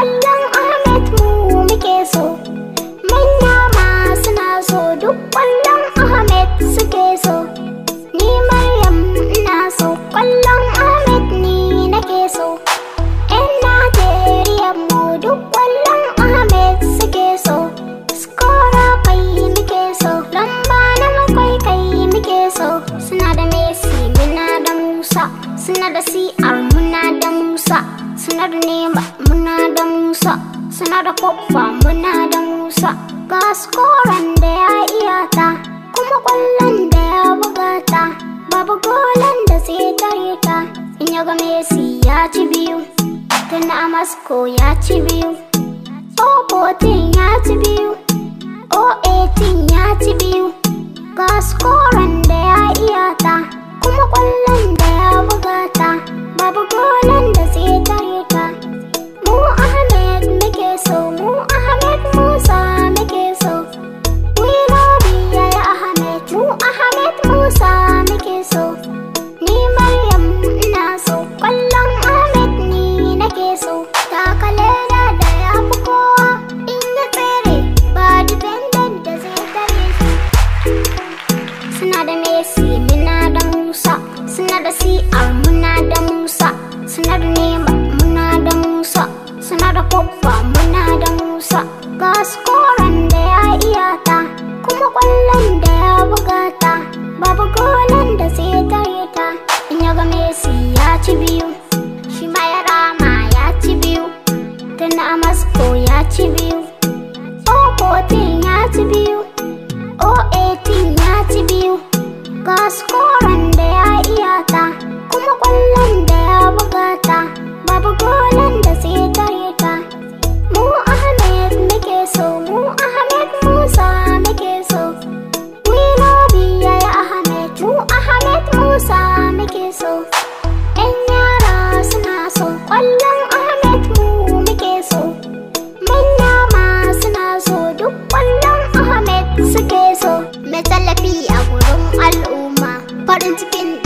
Kwallon Ahmed mu muke so, manya ma suna so duk kwallon Ahmed suke so. Ni Maryam ina so, kwallon Ahmed ni nake so. ‘Yan Najeriya mu duk ƙwallon Ahmed suke so, skora kai muke so, lamba na makwai kai muke so. Suna da Messi muna da Musa, suna da CR muna da Musa. suna da nema muna da musa suna da kofa muna da musa ga skoran da ya iya kuma kwallon da ya buga ta babu golan da sai tare ta in ya messi ci biyu tun amasko ya ci biyu o 14 ya ci biyu o ya ci si muna da Musa suna da CR muna da Musa suna da Nema muna da Musa suna da Kofa muna da Musa ga skoran da ya iya ta kuma kwallon da ya bugata ta babu golan da sai tare ta in ya ga Messi ya ci biyu shi ma ya rama ya ci biyu tana Amasko ya ci biyu Tsokotin ya ci biyu Cause corn they are yata. da tallafi a gurin al'umma farin